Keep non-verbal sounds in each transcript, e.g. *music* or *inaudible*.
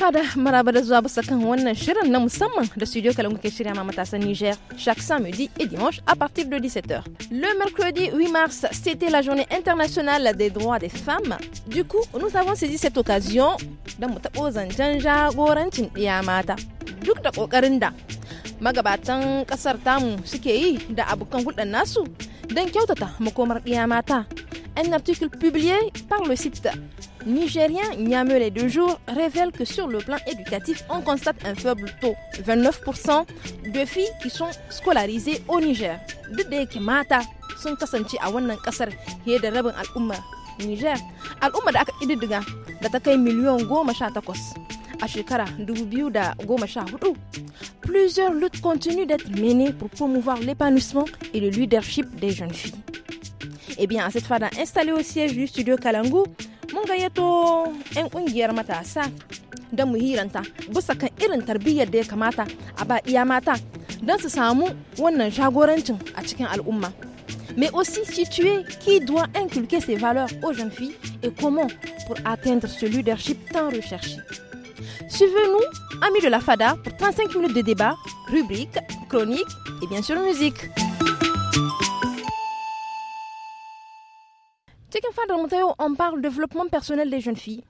fada maraba da zuwa bisa kan wannan shirin na musamman da studio kalangu ke shirya ma matasan Niger chaque samedi et dimanche à partir de 17h. Le mercredi 8 mars, c'était la journée internationale des droits des femmes. Du coup, nous avons saisi cette occasion da mu taɓo zancen jagorancin ɗiya mata. Duk da kokarin da magabatan kasar tamu suke yi da abokan hulɗar nasu don kyautata makomar ɗiya mata un article publié par le site nigérien Nyame les deux jours révèle que sur le plan éducatif, on constate un faible taux, 29% de filles qui sont scolarisées au Niger. Niger, Plusieurs luttes continuent d'être menées pour promouvoir l'épanouissement et le leadership des jeunes filles. Eh bien, à cette fois, installé au siège du studio Kalangu, mun gayyato 'yan kungiyar matasa don mu hiranta bisa kan irin tarbiyyar da ya kamata a ba iya mata don su samu wannan shagorancin a cikin al'umma. Mais aussi situer qui doit inculquer ses valeurs aux jeunes filles et comment pour atteindre ce leadership tant recherché. Suivez-nous, amis de la FADA, pour 35 minutes de débat, rubrique, chronique et bien sûr musique. on parle développement personnel des jeunes filles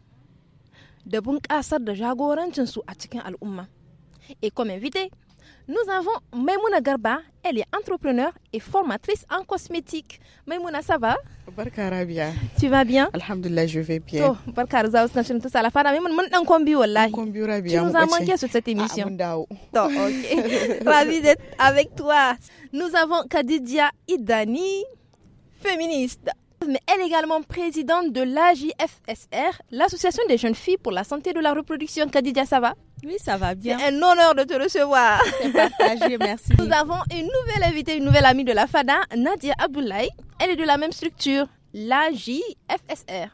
et comme invité nous avons Maimouna Garba elle est entrepreneur et formatrice en cosmétique Maimouna ça va tu vas bien alhamdulillah je vais bien to nous avons manqué sur cette émission ah, ok *laughs* ravi d'être avec toi nous avons Kadidia Idani féministe mais elle est également présidente de l'AJFSR, l'Association des jeunes filles pour la santé de la reproduction. Kadidia, ça va Oui, ça va bien. C'est un honneur de te recevoir. merci. Nous avons une nouvelle invitée, une nouvelle amie de la FADA, Nadia Aboulaye. Elle est de la même structure, l'AJFSR.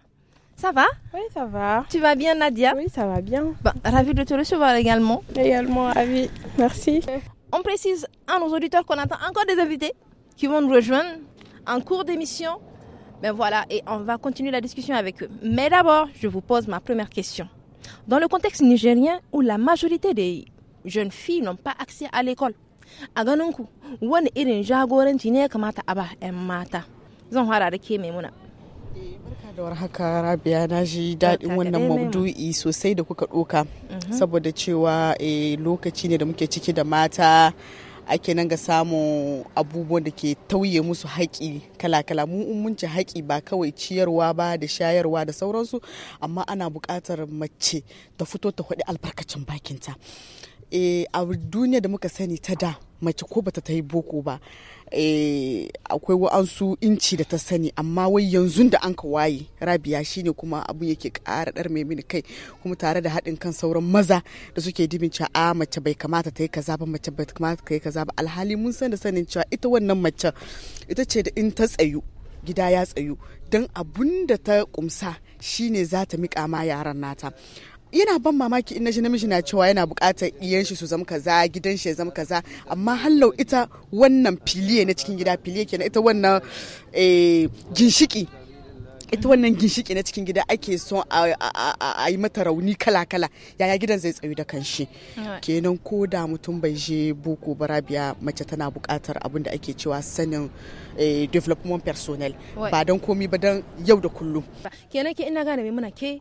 Ça va Oui, ça va. Tu vas bien, Nadia Oui, ça va bien. Bon, ravie de te recevoir également. Également, ravie. Merci. On précise à nos auditeurs qu'on attend encore des invités qui vont nous rejoindre en cours d'émission mais ben voilà, et on va continuer la discussion avec eux. Mais d'abord, je vous pose ma première question. Dans le contexte nigérien où la majorité des jeunes filles n'ont pas accès à l'école, a ganunku won wani irin jagoranci ne kamata a en mata zan fara da ke muna eh, barka da warhaka rabiya na ji dadin wannan maudu'i sosai da kuka doka mhm. saboda cewa eh, lokaci ne da muke ciki da mata ake nan ga samun abubuwan da ke tauye musu haƙi kala-kala mu mun haƙi ba kawai ciyarwa ba da shayarwa da sauransu amma ana buƙatar mace ta fito ta faɗi albarkacin bakinta eh, a duniya da muka sani ta da mace ko bata ta yi boko ba Eh, akwai wa'ansu inci da ta sani amma wai yanzu da an ka waye rabiya shine kuma abu yake ƙara ɗar mai mini kai kuma tare da haɗin kan sauran maza da suke dibin cewa a ah, mace bai kamata ta yi kaza ba mace bai kamata ta yi kaza ba alhali mun san da sanin cewa ita wannan mace ita ce da in ta tsayu gida ya tsayu don abun da ta kumsa shine za ta miƙa ma yaran nata yana ban mamaki in naji namiji na cewa yana bukatar iyan shi su zama kaza gidan shi ya zama kaza amma hallau ita wannan filiye na cikin gida filiye kenan ita wannan eh, ginshiki ita wannan ginshiki na cikin gida ake son a yi mata rauni kala-kala yaya gidan zai tsayu da kanshi kenan ko da mutum bai je boko barabiya mace tana bukatar abin da ake cewa sanin eh, development personnel ba don komi ba don yau da kullum kenan ke ina gane mai muna ke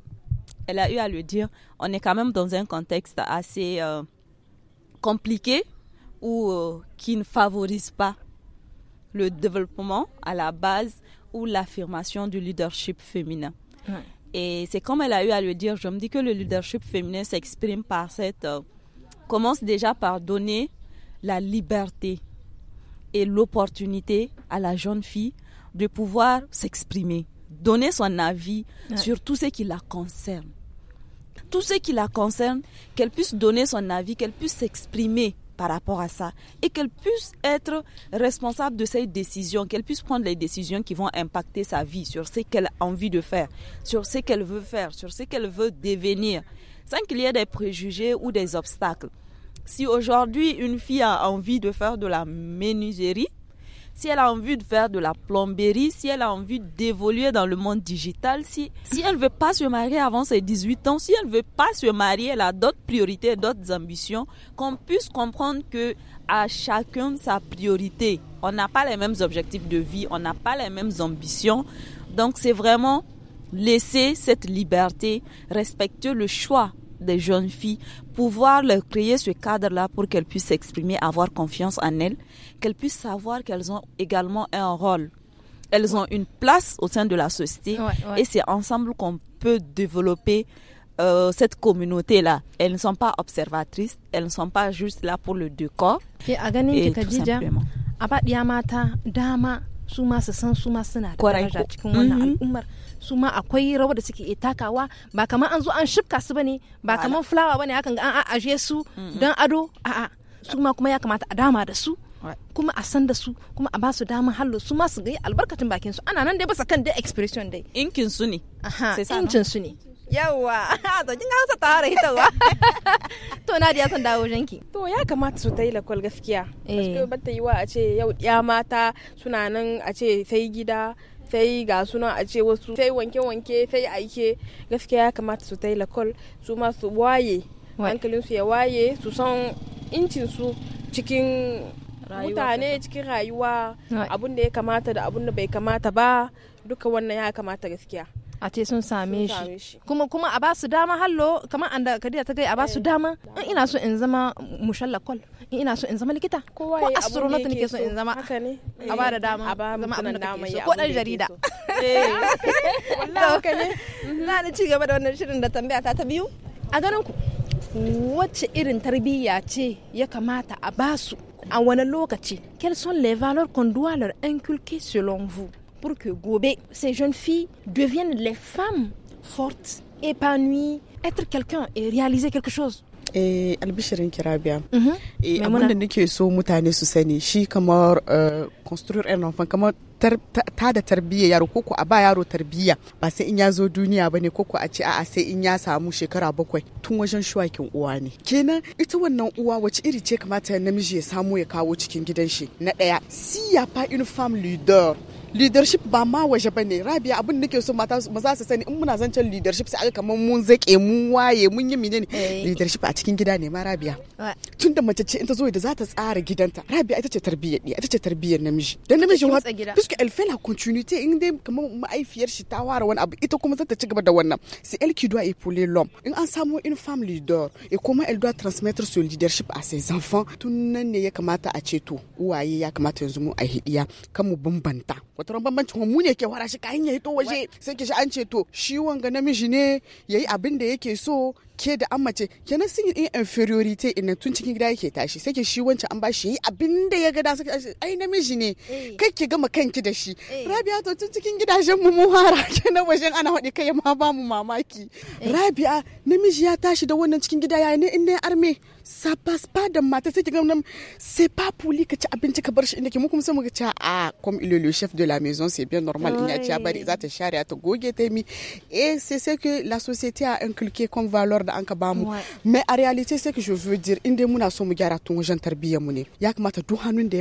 elle a eu à le dire, on est quand même dans un contexte assez euh, compliqué ou euh, qui ne favorise pas le développement à la base ou l'affirmation du leadership féminin. Et c'est comme elle a eu à le dire, je me dis que le leadership féminin s'exprime par cette... Euh, commence déjà par donner la liberté et l'opportunité à la jeune fille de pouvoir s'exprimer donner son avis sur tout ce qui la concerne. Tout ce qui la concerne, qu'elle puisse donner son avis, qu'elle puisse s'exprimer par rapport à ça et qu'elle puisse être responsable de ses décisions, qu'elle puisse prendre les décisions qui vont impacter sa vie sur ce qu'elle a envie de faire, sur ce qu'elle veut faire, sur ce qu'elle veut devenir, sans qu'il y ait des préjugés ou des obstacles. Si aujourd'hui une fille a envie de faire de la menuiserie, si elle a envie de faire de la plomberie, si elle a envie d'évoluer dans le monde digital, si, si elle ne veut pas se marier avant ses 18 ans, si elle ne veut pas se marier, elle a d'autres priorités, d'autres ambitions, qu'on puisse comprendre que à chacun sa priorité. On n'a pas les mêmes objectifs de vie, on n'a pas les mêmes ambitions. Donc c'est vraiment laisser cette liberté, respecter le choix des jeunes filles pouvoir leur créer ce cadre-là pour qu'elles puissent s'exprimer, avoir confiance en elles, qu'elles puissent savoir qu'elles ont également un rôle. Elles ont une place au sein de la société et c'est ensemble qu'on peut développer euh, cette communauté-là. Elles ne sont pas observatrices, elles ne sont pas juste là pour le décor. Et, tout simplement. su ma akwai rawar da suke takawa ba kamar an zo an shifka su bane ba kamar fulawa bane hakan ga an ajiye su don ado a'a su ma kuma ya kamata a dama da su kuma a san da su kuma a ba su damar hallo su ma su ga albarkacin bakin su ana nan dai basa kan dai expression dai inkin su ne inkin su ne yawa *laughs* to kin hausa ta fara hitawa *laughs* to na ya san dawo janki to ya kamata su ta yi lakwal eh. gaskiya ba ta yi wa a ce yau ya mata suna nan a ce sai gida sai ga suna a ce wasu sai wanke-wanke sai aike gaskiya ya kamata su ta yi lakol su masu waye hankalinsu ya waye su san incinsu cikin mutane cikin rayuwa abun da ya kamata da abun da bai kamata ba duka wannan ya kamata gaskiya a ce sun same shi kuma kuma a ba su dama hallo kamar an da kadira ta gai a ba su eh. dama in ina so in zama mushallakol ina so in zama likita ko astronaut nake so in zama haka ne a eh, ba da dama zama abin da kake so ko dan jarida *laughs* eh. Eh. wallahi na da *laughs* ci gaba da wannan shirin da tambaya ta ta biyu a ganin ku wacce irin tarbiyya ce ya kamata a basu a wani lokaci quelles sont les valeurs qu'on doit leur inculquer selon vous pour que gobe ces jeunes filles deviennent les femmes fortes épanouies être quelqu'un et réaliser quelque chose eh albishirin kirabiya mhm. eh abin da nake so mutane su sani shi kamar eh, construir an enfant kamar ta da tarbiyya yaro ko a ba yaro tarbiyya ba sai in ya zo duniya ba ne ko a ce a sai in ya samu shekara bakwai tun wajen shuwakin uwa ne kenan ita wannan uwa wace iri ce kamata namiji ya samu ya kawo cikin gidan shi na ɗaya. si ya fa une femme leadership ba ma waje ba ne rabia abin nake so mata za su sani in muna zancen leadership sai aka kamar mun zake mun waye mun yi menene eh. leadership a cikin gida ne ma rabia tun da mace ce in ta zo da za ta tsara gidanta rabia ita ce tarbiyyar ita ce tarbiyyar namiji dan namiji wa puisque elle fait la continuité in dai kamar ma'aifiyar shi ta ware wani abu ita kuma za ta ci gaba da wannan c'est elle do doit épauler l'homme in an samu in fam leader et comment elle doit transmettre son leadership à ses enfants tun nan ne ya kamata a ceto uwaye ya kamata yanzu mu a hidiya kan mu bambanta wata ran bambancin mu ne ke wara shi kayan yayi hito waje sai ki shi an ce to shi wanga namiji ne yayi abin da yake so ke da an mace kenan sun yi inferiority na tun cikin gida yake tashi sai ke shi wancan an bashi yi abin da ya ga da suka ai namiji ne eh. kai ki gama kanki da shi eh. Rabia to tun cikin gidajen mu mu hara *laughs* kenan wajen ana hadi kai ma ba mu mamaki eh. Rabia namiji ya tashi da wannan cikin gida yayi ne in ne arme ça passe pas dans ma tête. C'est pas pour lui que tu as bien tu cabares chez nous. Comme ça, moi que tu as comme il est le chef de la maison, c'est bien normal. Il y a tu as barisé, tu as charré, tu as gogué, c'est ce que la société a inculqué comme valeur mais en réalité, bamu que je veux dire une des muna so mu gyara tun mu ne ya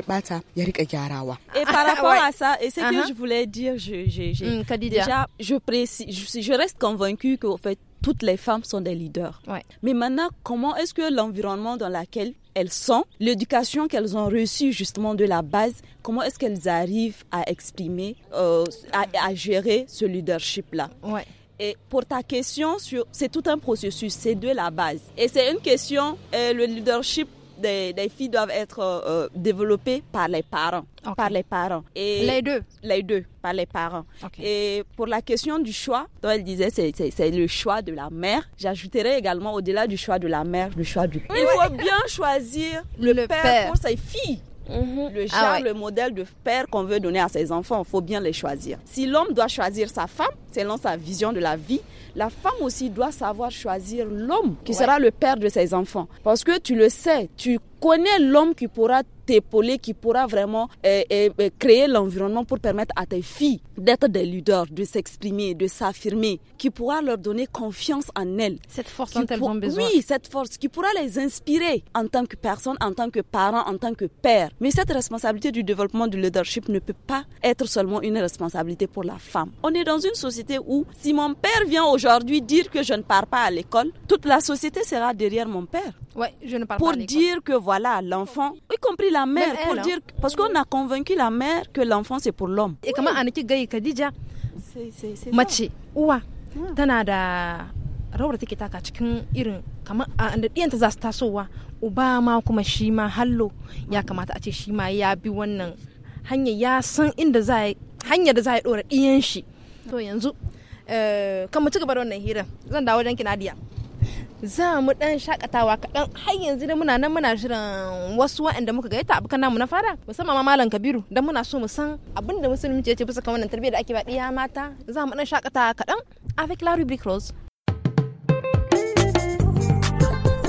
bata ya rika gyarawa et par *laughs* rapport à ça et ce que uh-huh. je voulais dire je je je mm, déjà je précise je, reste convaincu que en fait toutes les femmes sont des leaders. Ouais. Mais maintenant, comment est-ce que l'environnement dans lequel elles sont, l'éducation qu'elles ont reçue justement de la base, comment est-ce qu'elles arrivent à exprimer, euh, à, à, gérer ce leadership-là ouais. Et pour ta question, c'est tout un processus, c'est de la base. Et c'est une question, euh, le leadership des, filles doivent être euh, euh, développé par les parents. Par les parents. Et les deux Les deux, par les parents. Et pour la question du choix, dont elle disait c'est le choix de la mère, j'ajouterais également au-delà du choix de la mère, le choix du père. Il faut bien choisir le, père, père, pour ses filles. Mhm. Le genre, ah le modèle de père qu'on veut donner à ses enfants, il faut bien les choisir. Si l'homme doit choisir sa femme, selon sa vision de la vie, la femme aussi doit savoir choisir l'homme qui sera le père de ses enfants. Parce que tu le sais, tu connais l'homme qui pourra t'épauler, qui pourra vraiment eh, eh, eh, créer l'environnement pour permettre à tes filles d'être des leaders, de s'exprimer, de s'affirmer, qui pourra leur donner confiance en elles. Cette force dont elles ont besoin. Oui, cette force qui pourra les inspirer en tant que personne, en tant que parent, en tant que père. Mais cette responsabilité du développement du leadership ne peut pas être seulement une responsabilité pour la femme. On est dans une société où si mon père vient au aujourd'hui dire que je ne pars pas à l'école, toute la société sera derrière mon père. Ouais, je ne pars pour pas dire que voilà, l'enfant, y compris la mère, elle, pour hein. dire, parce qu'on a convaincu la mère que l'enfant c'est pour l'homme. Et comment Aniki Gaye Kadija Machi, Oua, ah. Tanada, rawar take taka cikin irin kamar a da ɗiyanta za su tasowa uba kuma shi hallo ya kamata a ce shi ma ya bi wannan hanya ya san inda za hanyar da za ya ɗora shi to yanzu Eh, kan mu ci gaba da wannan hirar zan dawo wajen kinadiya za mu dan shakatawa kaɗan har yanzu da muna nan muna shirin wasu waɗanda muka gaita abokan namu na fara musamman ma malam kabiru dan muna so mu san abinda da musulunci ya ce bisa kan wannan tarbiyya da ake ba ɗiya mata za mu dan shakatawa kaɗan avec la rubrique rose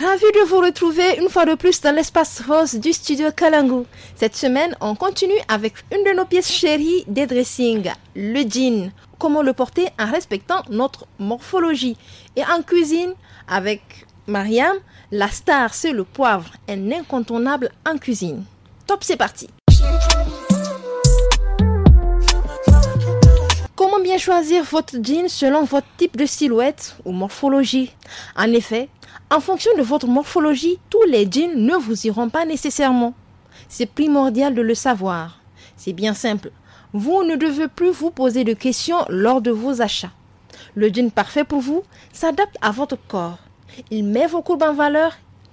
Ravi de vous retrouver une fois de plus dans l'espace rose du studio Kalangu. Cette semaine, on continue avec une de nos pièces chéries des dressings, le jean. Comment le porter en respectant notre morphologie. Et en cuisine, avec Mariam, la star c'est le poivre, un incontournable en cuisine. Top, c'est parti. Comment bien choisir votre jean selon votre type de silhouette ou morphologie En effet, en fonction de votre morphologie, tous les jeans ne vous iront pas nécessairement. C'est primordial de le savoir. C'est bien simple. Vous ne devez plus vous poser de questions lors de vos achats. Le jean parfait pour vous s'adapte à votre corps. Il met vos courbes en valeur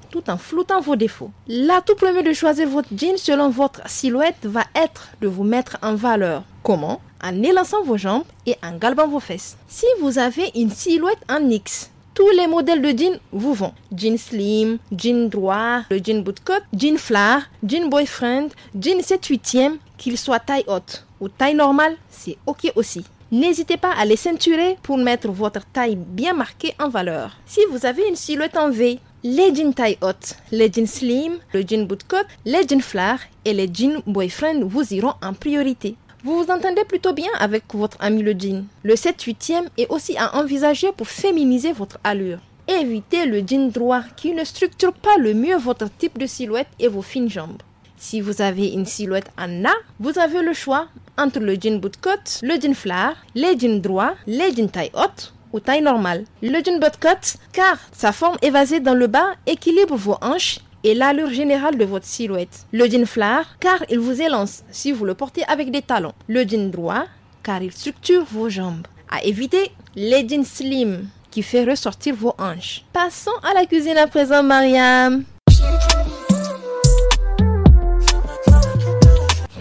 tout en floutant vos défauts. tout premier de choisir votre jean selon votre silhouette va être de vous mettre en valeur. Comment En élançant vos jambes et en galbant vos fesses. Si vous avez une silhouette en X, tous les modèles de jeans vous vont. Jean slim, jean droit, le jean bootcut, jean flare, jean boyfriend, jean 7 8 e qu'il soit taille haute ou taille normale, c'est ok aussi. N'hésitez pas à les ceinturer pour mettre votre taille bien marquée en valeur. Si vous avez une silhouette en V, les jeans taille haute, les jeans slim, le jean bootcut, les jeans flare et les jeans boyfriend vous iront en priorité. Vous vous entendez plutôt bien avec votre ami le jean. Le 7-8e est aussi à envisager pour féminiser votre allure. Évitez le jean droit qui ne structure pas le mieux votre type de silhouette et vos fines jambes. Si vous avez une silhouette en A, vous avez le choix entre le jean bootcut, le jean flare, les jeans droits, les jeans taille haute ou taille normale. Le jean bootcut, car sa forme évasée dans le bas équilibre vos hanches et l'allure générale de votre silhouette. Le jean flare, car il vous élance si vous le portez avec des talons. Le jean droit, car il structure vos jambes. À éviter, les jeans slim, qui fait ressortir vos hanches. Passons à la cuisine à présent, Mariam.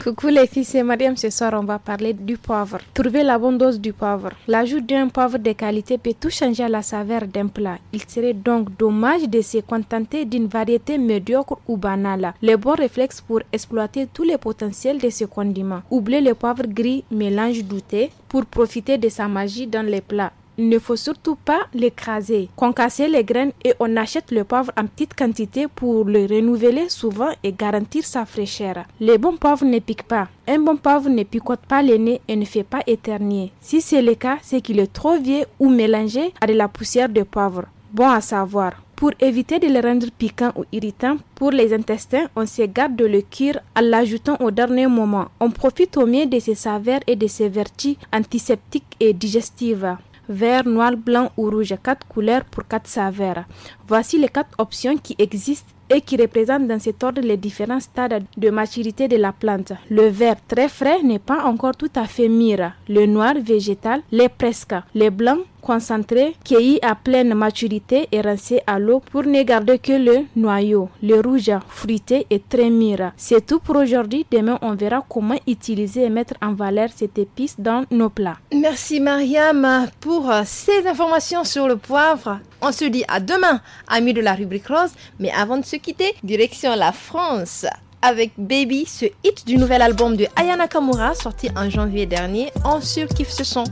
Coucou les filles, c'est Mariam. Ce soir, on va parler du poivre. Trouver la bonne dose du poivre. L'ajout d'un poivre de qualité peut tout changer à la saveur d'un plat. Il serait donc dommage de se contenter d'une variété médiocre ou banale. Le bon réflexe pour exploiter tous les potentiels de ce condiment. Oubliez le poivre gris mélange douté pour profiter de sa magie dans les plats. Il ne faut surtout pas l'écraser, concasser les graines et on achète le poivre en petite quantité pour le renouveler souvent et garantir sa fraîcheur. Les bons poivres ne piquent pas. Un bon poivre ne picote pas le nez et ne fait pas éternier. Si c'est le cas, c'est qu'il est trop vieux ou mélangé à de la poussière de poivre. Bon à savoir. Pour éviter de le rendre piquant ou irritant pour les intestins, on se garde de le cuire en l'ajoutant au dernier moment. On profite au mieux de ses saveurs et de ses vertus antiseptiques et digestives vert, noir, blanc ou rouge, quatre couleurs pour quatre saveurs. Voici les quatre options qui existent et qui représentent dans cet ordre les différents stades de maturité de la plante. Le vert très frais n'est pas encore tout à fait mûr, le noir végétal l'est presque, le blanc concentré, cueilli à pleine maturité et rincé à l'eau pour ne garder que le noyau, le rouge fruité et très mûr. C'est tout pour aujourd'hui. Demain, on verra comment utiliser et mettre en valeur cette épice dans nos plats. Merci Mariam pour euh, ces informations sur le poivre. On se dit à demain, amis de la rubrique rose. Mais avant de se quitter, direction la France avec Baby, ce hit du nouvel album de Ayana Kamura sorti en janvier dernier. On surkiffe ce son.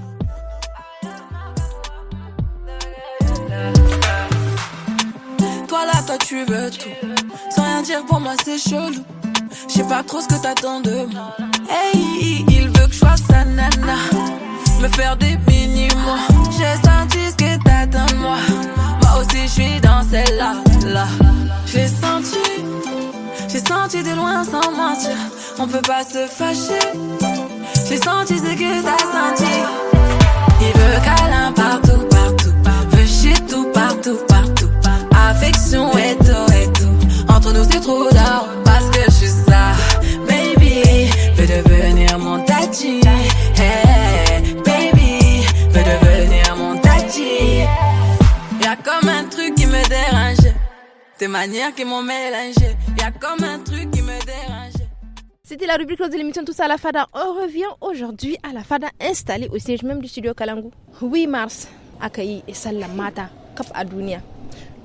toi toi tu veux tout. Sans rien dire pour moi, c'est chelou. J'sais pas trop ce que t'attends de moi. Hey, il veut que je sa nana. Me faire des mini J'ai senti ce que t'attends de moi. Moi aussi, je suis dans celle-là. Là. J'ai senti, j'ai senti de loin sans mentir. On peut pas se fâcher. J'ai senti ce que t'as senti. Il veut câlin partout et et tout. Entre nous c'est trop tard parce que je suis ça. Baby, veux devenir mon tati. Hey, baby, veux devenir mon tati. Y'a comme un truc qui me dérange. Tes manières qui m'ont mélangé. Y'a comme un truc qui me dérange. C'était la rubrique de l'émission Tout ça à la Fada. On revient aujourd'hui à la Fada installée au siège même du studio Kalangu. 8 mars, accueilli et salle la cap à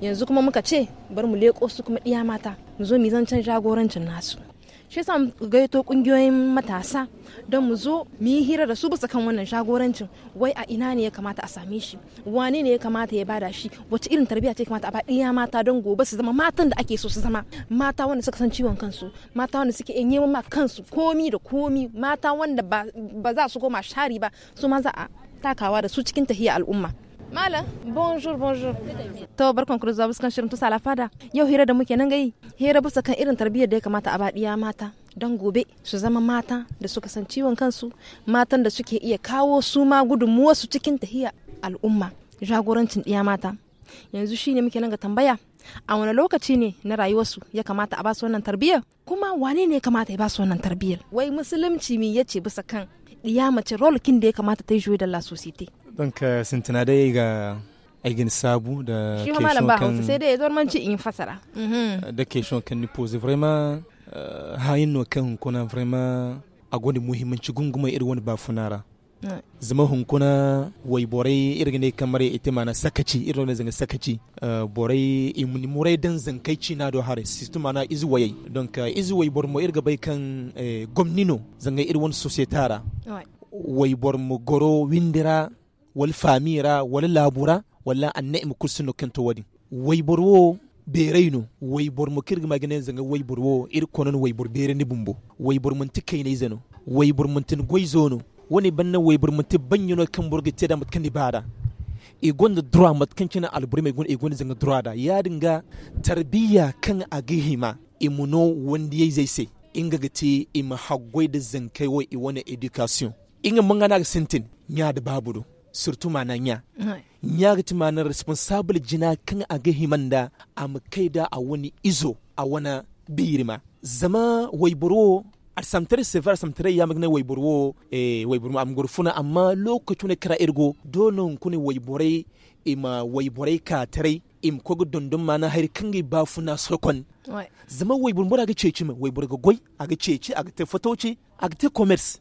yanzu kuma muka ce bar mu leko su kuma iya mata mu zo mu zancen jagorancin nasu shi yasa mu gaito kungiyoyin matasa don mu zo mu yi hira da su bisa kan wannan jagorancin wai a ina ne ya kamata a same shi wane ne ya kamata ya bada shi wace irin tarbiyya ce kamata a ba iya mata don gobe su zama matan da ake so su zama mata wanda suka san ciwon kansu mata wanda suke yin ma kansu komi da komi mata wanda ba za su koma shari ba su ma za a takawa da su cikin tahiya al'umma Mala. Bonjour, bonjour. To barkan ku da sukan shirin tusa lafada. Yau hira da muke nan gai. Hira bisa kan irin tarbiyyar da ya kamata a baɗiya mata. Don gobe su zama mata da suka san ciwon kansu, matan da suke iya kawo su ma su cikin tahiya al'umma, jagorancin ɗiya mata. Yanzu shi ne muke nan ga tambaya. A wani lokaci ne na rayuwarsu ya kamata a basu wannan tarbiyyar? Kuma wane ne ya kamata ya basu wannan tarbiyyar? Wai musulunci mi ce bisa kan ɗiya mace rol kin da ya kamata ta yi da la Donc sintina dai ga aigin sabu da ke shokan sai dai manci in fasara mhm. da ke shokan ni pose vraiment eh, hayin no kan kuna vraiment a gwani muhimmanci gunguma irin wani bafunara mm. zama hunkuna wai borai irin ne kamar ita mana sakaci irin ne zanga sakaci eh, borai imuni dan zankaici na do hare sistu mana izu wayai don ka izu wai bor mo irga bai kan eh, gomnino zanga irin wani societara wai bor mo goro windira wal famira wal labura wala an na'im kursuno kento wadi way borwo bereyno way bor mo kirga magane zanga way borwo ir konon way bor bere ni bumbo way bor mun tikai ne way bor mun tin zono woni banna way bor mun ti banyino kan borgi teda mat kandi bada e gonda droit mat kan kina albur mai gon e gonda zanga droit da ya dinga tarbiya kan agihima imuno wanda yai zai sai inga gati ima hagwai da zankai wai i wani education inga mangana ga sintin nya da babudo surtout manan ya ya ga na responsable jina kan a ga himanda a makai da a wani izo a wani birima. zama waiburo a samtare sevar samtare ya magana waiburo eh waiburo am gurfuna amma lokacin kira irgo donon ne waiburai ima waiburai ka tare im kogo dondon na har kangi ba funa sokon zama waiburo ga cece mai waiburo ga goi a ga cece a ga te fotoci a ga te commerce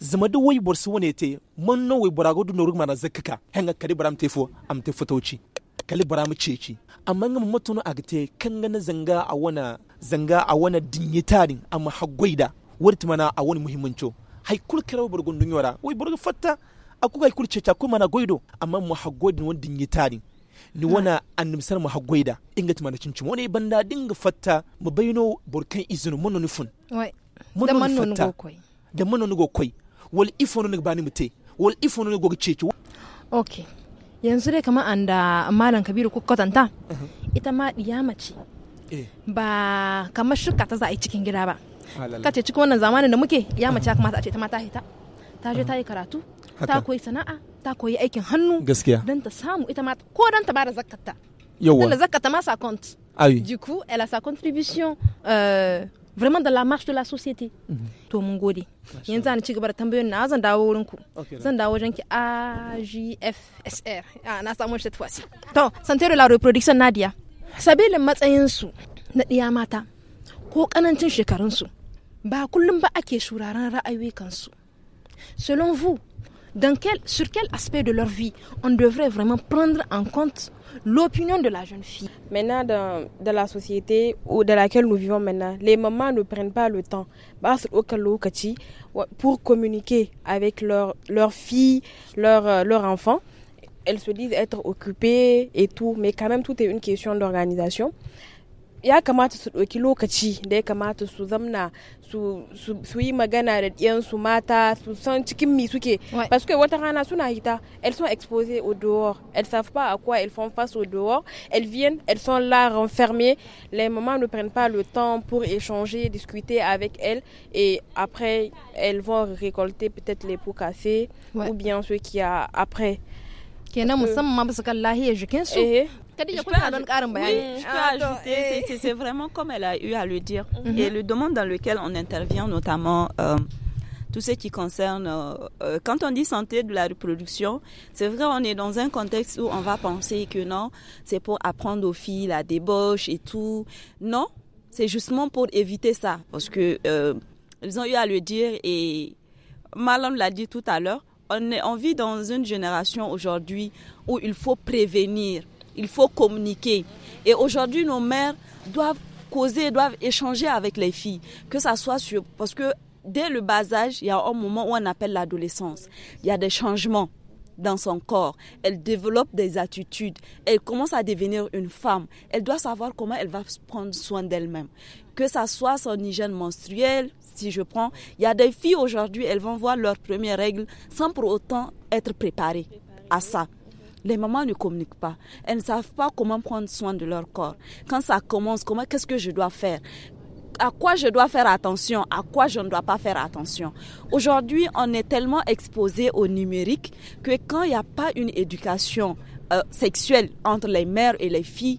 zama da wai borsu wani te mun no wai borago du norug mana zakka hanga kali baram te fo am te fotoci kali baram ceci amma ngam mutuno agte kanga na zanga a wana zanga a wana dinyitarin amma hagoida warti mana a wani muhimmanco hay kul karaw borgo dunyora wai borgo fatta aku kai kul ceci aku mana goido amma mu hagoida wani tari ni wana annimsar mu hagoida tuma mana cincin wani banda dinga fatta mu bayino borkan izinu mun nufun mun nufun fatta da manon nugo koi wal ifo nugo bani mute wal ifo nugo cece ok yanzu dai kama an da malam kabiru ko kwatanta uh-huh. ita ma diya mace eh. ba kama shuka ta za a yi cikin gida ba ka ce cikin wannan zamanin da muke ya mace ya ta a ce ta ma ta hita ta je ta yi karatu ta koyi sana'a ta koyi aikin hannu gaskiya don ta samu ita ma ko don ta bada zakkata yawa da zakkata ma sa compte coup, elle a sa contribution euh, vraiment dans la marche de la société mhm. to mun gode yanzu an ci gaba da tambayoyin na zan dawo wurin ku zan dawo wajen ki AGFSR ah na samu shi tafasi to santé la reproduction Nadia sabilin matsayin su na diya mata ko kanancin shekarun su ba kullum ba ake shuraren ra'ayoyin su selon vous dans quel sur quel aspect de leur vie on devrait vraiment prendre en compte l'opinion de la jeune fille. Maintenant, dans, la société ou dans laquelle nous vivons maintenant, les mamans ne prennent pas le temps pour communiquer avec leurs leur filles, leurs leur euh, enfants elles se disent être occupées et tout, mais quand même tout est une question d'organisation ya kamata su lokaci da parce que elles sont exposées au dehors elles savent pas à quoi elles font face au dehors elles viennent elles sont là renfermées les mamans ne prennent pas le temps pour échanger discuter avec elles et après elles vont récolter peut-être les pots cassés ou bien ceux qui a après kenan musamman bisa eh. c'est vraiment comme elle a eu à le dire. Mhm. Et le domaine dans lequel on intervient, notamment euh, tout ce qui concerne, euh, euh, quand on dit santé de la reproduction, c'est vrai, on est dans un contexte où on va penser que non, c'est pour apprendre aux filles la débauche et tout. Non, c'est justement pour éviter ça, parce que ils ont eu à le dire et Malam l'a dit tout à l'heure on, vit dans une génération aujourd'hui où il faut prévenir, il faut communiquer. Et aujourd'hui, nos mères doivent causer, doivent échanger avec les filles, que ça soit sur... Parce que dès le bas âge, il y a un moment où on appelle l'adolescence. Il y a des changements dans son corps, elle développe des attitudes, elle commence à devenir une femme, elle doit savoir comment elle va prendre soin d'elle-même, que ça soit son hygiène menstruelle, si je prends, il y a des filles aujourd'hui, elles vont voir leurs premières règles sans pour autant être préparées à ça. Les mamans ne communiquent pas. Elles ne savent pas comment prendre soin de leur corps. Quand ça commence, comment qu'est-ce que je dois faire à quoi je dois faire attention, à quoi je ne dois pas faire attention. Aujourd'hui, on est tellement exposé au numérique que quand il n'y a pas une éducation euh, sexuelle entre les mères et les filles,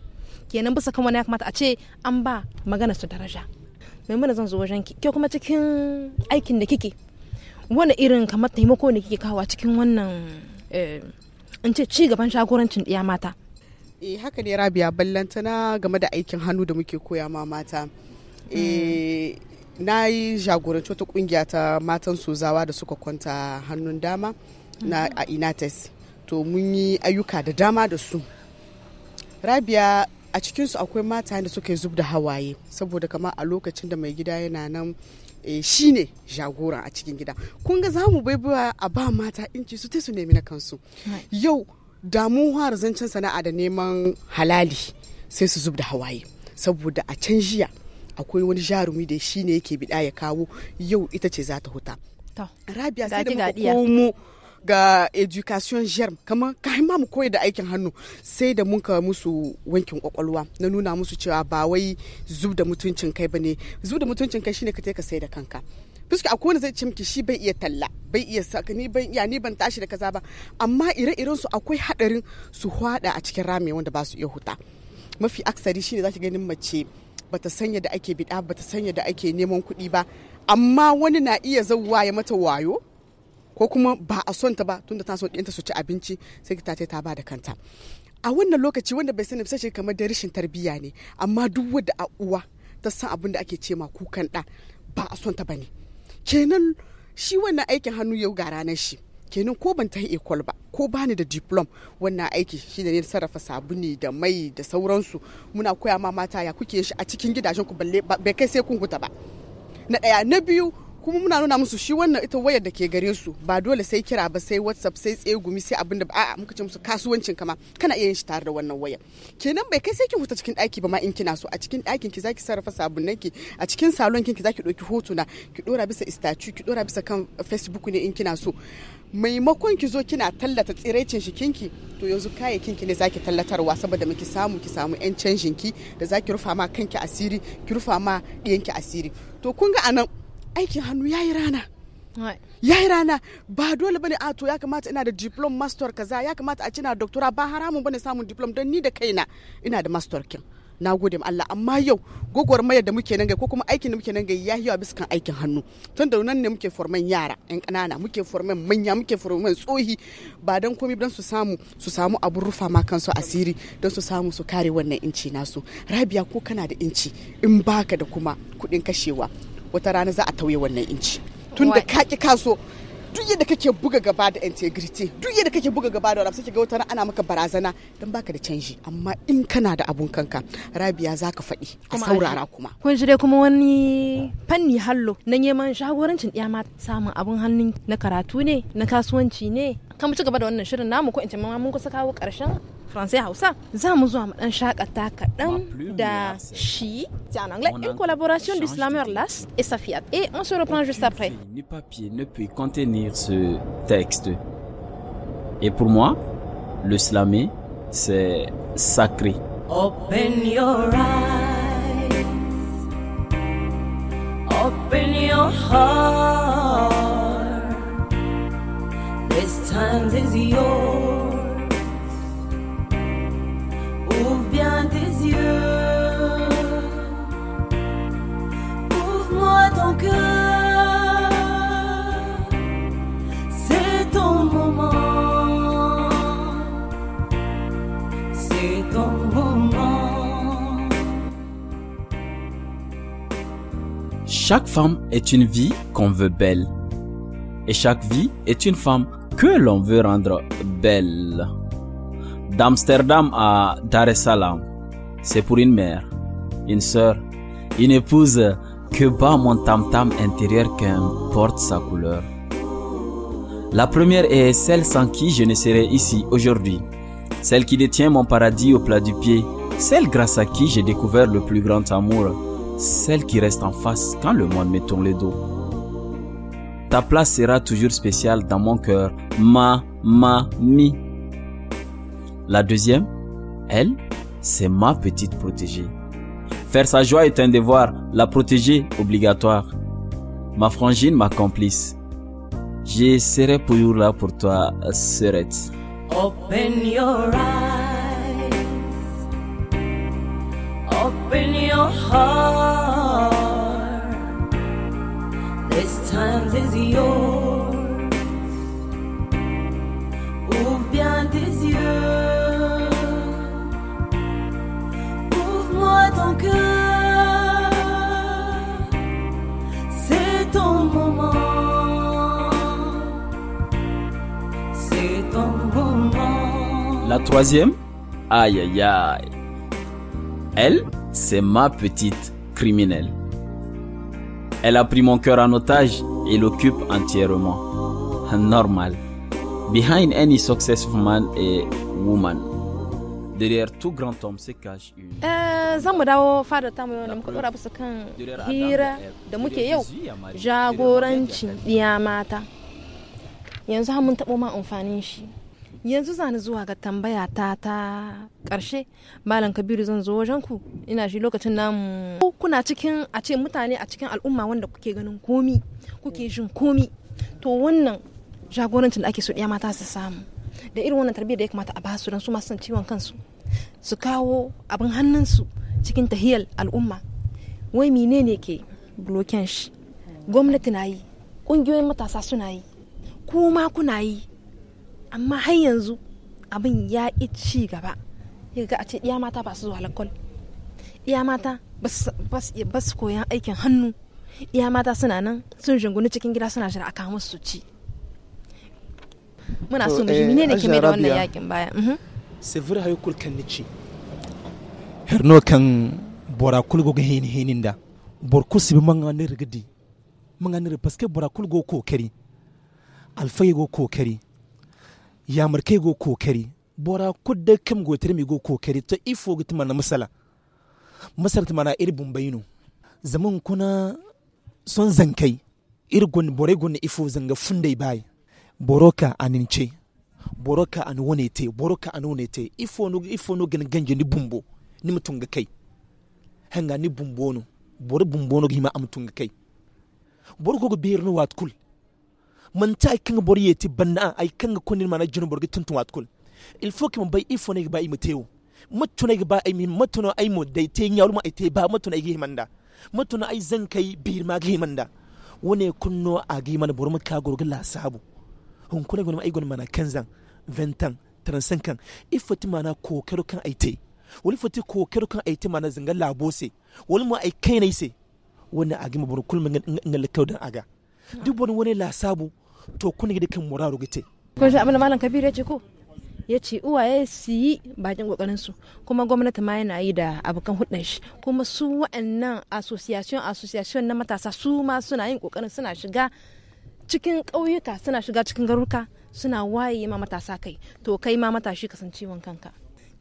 kenan bisa kan wani ya kamata a ce an ba magana su daraja maimuna zan zo wajen ki kuma cikin aikin da kike wani irin kamar taimako ne kike kawo cikin wannan eh, in ce ci gaban shagorancin ɗiya mata eh haka ne rabia ballantana game da aikin hannu da muke koya ma mata eh, na yi jagoranci wata kungiya ta matan sozawa da suka kwanta hannun dama na a inates to mun yi ayyuka da dama da su rabia a cikinsu akwai mata da suka zub da hawaye saboda kama a lokacin da mai gida yana nan e, shi ne jagora a cikin gida kun ga za mu baibawa a ba mata inci su su nemi na kansu yau damuwa zancen sana'a da neman halali sai su zub da hawaye saboda a can jiya akwai wani jarumi da shi ne yake bida ya kawo yau ita ce za ta huta rabia sai da muka komo ga education germ kamar kayan ma mu koyi da aikin hannu sai da mun ka musu wankin kwakwalwa na nuna musu cewa ba wai zub da mutuncin kai bane zub da mutuncin kai shine ka ka sai da kanka fuska akwai kowane zai ce shi bai iya talla bai iya saka ni ban iya ni ban tashi da kaza ba amma ire-iren su akwai hadarin su hwada a cikin rami wanda ba su iya huta mafi aksari shine zaki ganin mace bata sanya da ake bida bata sanya da ake neman kuɗi ba amma wani na iya zauwa ya mata wayo ko kuma ba a son ta ba da ta so ta su ci abinci sai ta ta ba da kanta a wannan lokaci wanda bai sani sai kamar da rashin tarbiyya ne amma duk wadda a uwa ta san abin da ake ce ma kukan ɗa ba a son ta bane kenan shi wannan aikin hannu yau ga ranar shi kenan ko ban ta yi ecole ba ko bani da diplom wannan aiki shi ne sarrafa sabuni da mai da sauransu muna koya ma mata ya kuke shi a cikin gidajen ku balle bai kai sai kun huta ba na ɗaya na biyu kuma muna nuna musu shi wannan ita wayar da ke gare su ba dole sai kira ba sai whatsapp sai tsegumi sai abin ba a'a muka ce musu kasuwancin kama kana iya yin shi tare da wannan wayar kenan bai kai sai ki huta cikin daki ba ma in kina so a cikin ɗakin ki zaki sarrafa sabunan ki a cikin salon ki zaki ɗauki hotuna ki ɗora bisa istatu ki ɗora bisa kan facebook ne in kina so maimakon ki zo kina tallata tsiraicin shikinki to yanzu kayayyakin ki ne zaki tallatarwa saboda ki samu ki samu yan canjin ki da zaki rufa ma kanki asiri ki rufa ma ɗiyanki asiri to kun ga anan aikin hannu ya yi rana ya yi rana ba dole bane a ah, to ya kamata ina da diplom master kaza ya kamata a ce na doktora ba haramun bane samun diplom don ni da kaina ina da master kin na gode ma Allah amma yau mayar da muke nan gai ko kuma aikin da muke nan ga ya yi bisa kan aikin hannu tun da nan ne muke forman yara yan kanana muke forman manya muke forman tsohi ba dan komai dan su samu su samu abun rufa ma kansu asiri dan su samu su kare wannan inci nasu rabiya ko kana da inci in baka da kuma kudin kashewa wata rana za a tauye wannan inci tun da ka ki kaso duk yadda kake buga gaba da integrity duk yadda kake buga gaba da sai ga wata rana ana maka barazana dan baka da canji amma in kana da abun kanka rabiya zaka faɗi a saurara kuma kun shi dai kuma wani fanni hallo na neman shagorancin iya ma samun abun hannun na karatu ne na kasuwanci ne kan mu ci gaba da wannan shirin namu ko in ce mun kusa kawo karshen français hausa zamu zuwa mu dan shakata kaɗan da shi en anglais une collaboration du slammer Las et Safiat et on se reprend juste après ni papier ne peut contenir ce texte et pour moi le slammer c'est sacré open your eyes open your heart this time is yours Chaque femme est une vie qu'on veut belle. Et chaque vie est une femme que l'on veut rendre belle. D'Amsterdam à Dar es Salaam, c'est pour une mère, une sœur, une épouse que bat mon tam-tam intérieur qu'importe sa couleur. La première est celle sans qui je ne serais ici aujourd'hui, celle qui détient mon paradis au plat du pied, celle grâce à qui j'ai découvert le plus grand amour, celle qui reste en face quand le monde me tourne le dos. Ta place sera toujours spéciale dans mon cœur, ma, ma, mi. La deuxième, elle, c'est ma petite protégée. Faire sa joie est un devoir, la protéger obligatoire. Ma frangine, ma complice. Je serai toujours là pour toi, serette Open your eyes. Ouvre bien tes yeux. Ouvre-moi ton cœur. C'est ton moment. C'est ton moment. La troisième. Aïe aïe aïe. Elle c'est ma petite criminelle. Elle a pris mon cœur en otage et l'occupe entièrement. Normal. Behind any successful man et woman. Derrière tout grand homme se cache une. Euh, Zan mu dawo fara tamu yau da muka ɗora bisa kan hira da muke yau jagorancin mata. Yanzu mun taɓo ma yanzu zani zuwa ga tambaya ta ta ƙarshe malam kabiru zan zo wajen ku ina shi lokacin namu kuna cikin a ce mutane a cikin al'umma wanda kuke ganin komi kuke jin komi to wannan jagorancin da ake so ɗaya mata su samu da irin wannan tarbiyyar da ya kamata a basu don su masu san ciwon kansu su kawo abin hannunsu cikin tahiyar al'umma wai menene ke bloken shi gwamnati na yi ƙungiyoyin matasa suna yi kuma kuna yi amma har yanzu abin ya ƙi ci gaba ya ga a ce iya mata ba su zuwa lakol iya mata ba su koyan aikin hannu iya mata suna nan sun jinguni cikin gida suna shira a kawo su ci muna so mu ne ne kime da wannan yakin baya mhm. sifir hayo kulkan ci herno kan bora kulgo ga hin hinin da bor su bi manga ne rigidi manga ne paske bora kulgo kokari alfai go kokari yamurkai go kokari bora kudda kam go tirmi go kokari ta ifo go tumana masala masar mana iri bayinu zaman kuna son zankai irgun bore gun ifo zanga fundai bai boroka anince boroka an wone te boroka an wone te ifo no ifo no gin ganje ni bumbo ni mutunga kai hanga ni bumbo no bore bumbo no gima amtunga kai bor go beer no man ta kan bor yeti banna ay kan kunin mana jinu borgi tuntun watkul il faut que mon bay ifo ne ba imeteo matuna ba ai mi matuna ai mo dai te nyaru ma ite ba matuna ai himanda matuna ai zan kai bir ma ga himanda wone kunno a ga mana bor ma ka gorgi la sabu hun kuna gon ai gon mana kanzan 20 ans 35 ans ifo ti mana kokero kan ai aite wani fati kokero kan ai aite mana zanga labose wani mu ai kai ne se wani a gima bor kulmin ngalikau kaudan aga duk wani wani lasabu to kuna gida kan muraro gite Ko ji abin da malam Kabir ya ce ko ya ce uwaye su yi bakin kokarin su kuma gwamnati ma yana yi da abokan hudun shi kuma su wa'annan association association na matasa su ma suna yin kokarin suna shiga cikin ƙauyuka suna shiga cikin garuka suna waye ma matasa kai to kai ma matashi ciwon kanka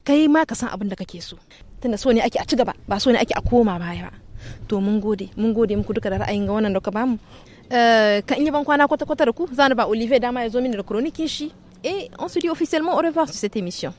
kai ma ka san abin da kake so tunda so ne ake a ci gaba ba so ne ake a koma baya ba to mun gode mun gode muku duka da ra'ayin ga wannan da ka bamu ban kwana ku olivier et on se dit officiellement au revoir sur cette émission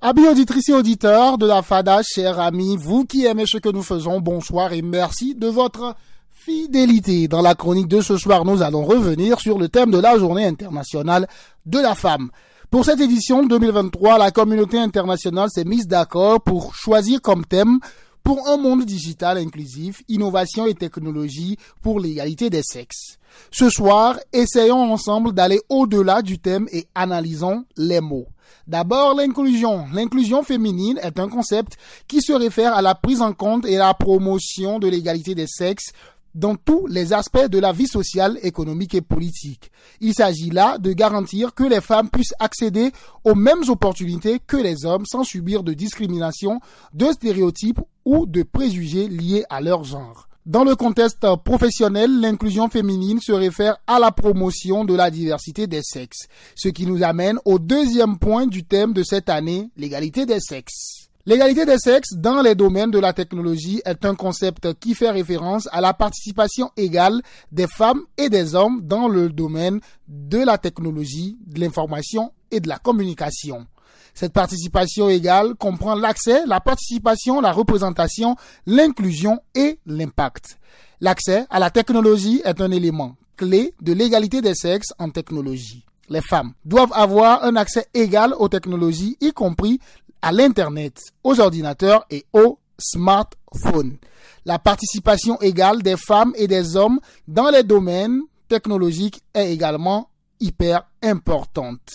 Amis auditrices et auditeurs de la FADA, chers amis, vous qui aimez ce que nous faisons, bonsoir et merci de votre fidélité. Dans la chronique de ce soir, nous allons revenir sur le thème de la journée internationale de la femme. Pour cette édition 2023, la communauté internationale s'est mise d'accord pour choisir comme thème pour un monde digital inclusif, innovation et technologie pour l'égalité des sexes. Ce soir, essayons ensemble d'aller au-delà du thème et analysons les mots. D'abord, l'inclusion. L'inclusion féminine est un concept qui se réfère à la prise en compte et la promotion de l'égalité des sexes dans tous les aspects de la vie sociale, économique et politique. Il s'agit là de garantir que les femmes puissent accéder aux mêmes opportunités que les hommes sans subir de discrimination, de stéréotypes ou de préjugés liés à leur genre. Dans le contexte professionnel, l'inclusion féminine se réfère à la promotion de la diversité des sexes, ce qui nous amène au deuxième point du thème de cette année, l'égalité des sexes. L'égalité des sexes dans les domaines de la technologie est un concept qui fait référence à la participation égale des femmes et des hommes dans le domaine de la technologie, de l'information et de la communication. Cette participation égale comprend l'accès, la participation, la représentation, l'inclusion et l'impact. L'accès à la technologie est un élément clé de l'égalité des sexes en technologie. Les femmes doivent avoir un accès égal aux technologies, y compris à l'Internet, aux ordinateurs et aux smartphones. La participation égale des femmes et des hommes dans les domaines technologiques est également hyper importante.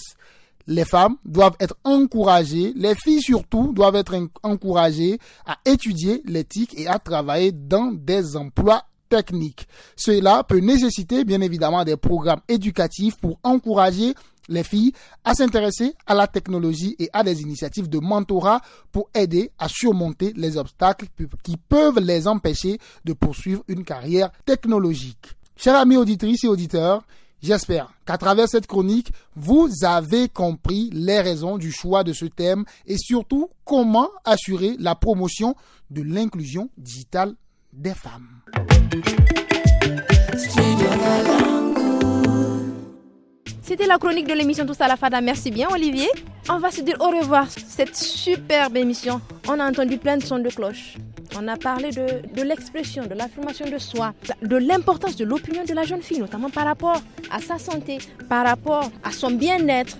Les femmes doivent être encouragées, les filles surtout doivent être encouragées à étudier l'éthique et à travailler dans des emplois techniques. Cela peut nécessiter bien évidemment des programmes éducatifs pour encourager les filles à s'intéresser à la technologie et à des initiatives de mentorat pour aider à surmonter les obstacles qui peuvent les empêcher de poursuivre une carrière technologique. Chers amis auditrices et auditeurs, J'espère qu'à travers cette chronique, vous avez compris les raisons du choix de ce thème et surtout comment assurer la promotion de l'inclusion digitale des femmes. C'était la chronique de l'émission Tous à la Fada. Merci bien, Olivier. On va se dire au revoir. Cette superbe émission. On a entendu plein de sons de cloche. On a parlé de, de l'expression, de l'affirmation de soi, de l'importance de l'opinion de la jeune fille, notamment par rapport à sa santé, par rapport à son bien-être,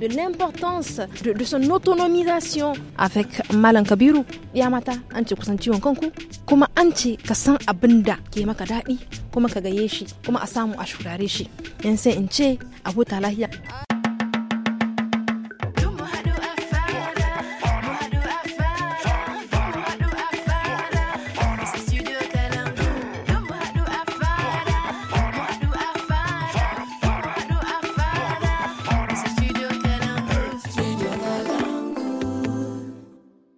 de l'importance de, de, son autonomisation avec Malan Kabiru Yamata, mata an ce kusan kanku kuma Anti ka san abin da ke maka daɗi kuma ka gaye shi kuma a samu a shurare shi in sai in ce abota lahiya